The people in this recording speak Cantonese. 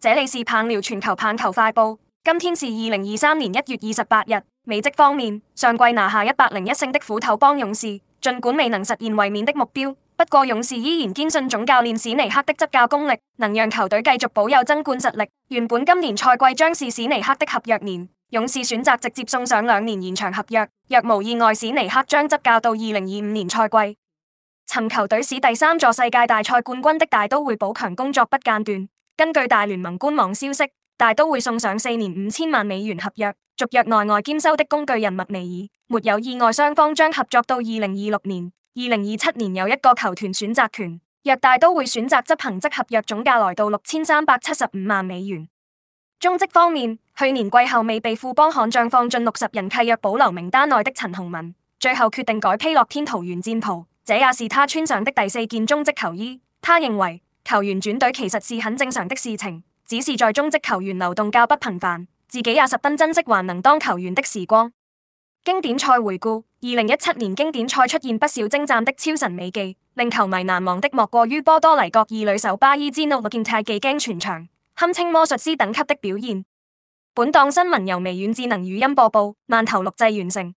這裡是棒聊全球棒球快報。今天是二零二三年一月二十八日。美職方面，上季拿下一百零一勝的斧頭幫勇士，儘管未能實現衛冕的目標，不過勇士依然堅信總教練史尼克的執教功力能讓球隊繼續保有爭冠實力。原本今年賽季將是史尼克的合約年，勇士選擇直接送上兩年延長合約。若無意外，史尼克將執教到二零二五年賽季，尋求隊史第三座世界大賽冠軍的大都會補強工作不間斷。根據大聯盟官網消息，大都會送上四年五千萬美元合約，續約內外兼修的工具人麥尼爾，沒有意外，雙方將合作到二零二六年，二零二七年有一個球團選擇權，若大都會選擇執行，則合約總價來到六千三百七十五萬美元。中職方面，去年季後未被富邦悍將放進六十人契約保留名單內的陳鴻文，最後決定改披樂天桃猿戰袍，這也是他穿上的第四件中職球衣。他認為。球員轉隊其實是很正常的事情，只是在中職球員流動較不頻繁，自己也十分珍惜還能當球員的時光。經典賽回顧：二零一七年經典賽出現不少精湛的超神美技，令球迷難忘的莫過於波多黎各二壘手巴伊茲諾建泰技驚全場，堪稱魔術師等級的表現。本檔新聞由微軟智能語音播報，萬頭錄製完成。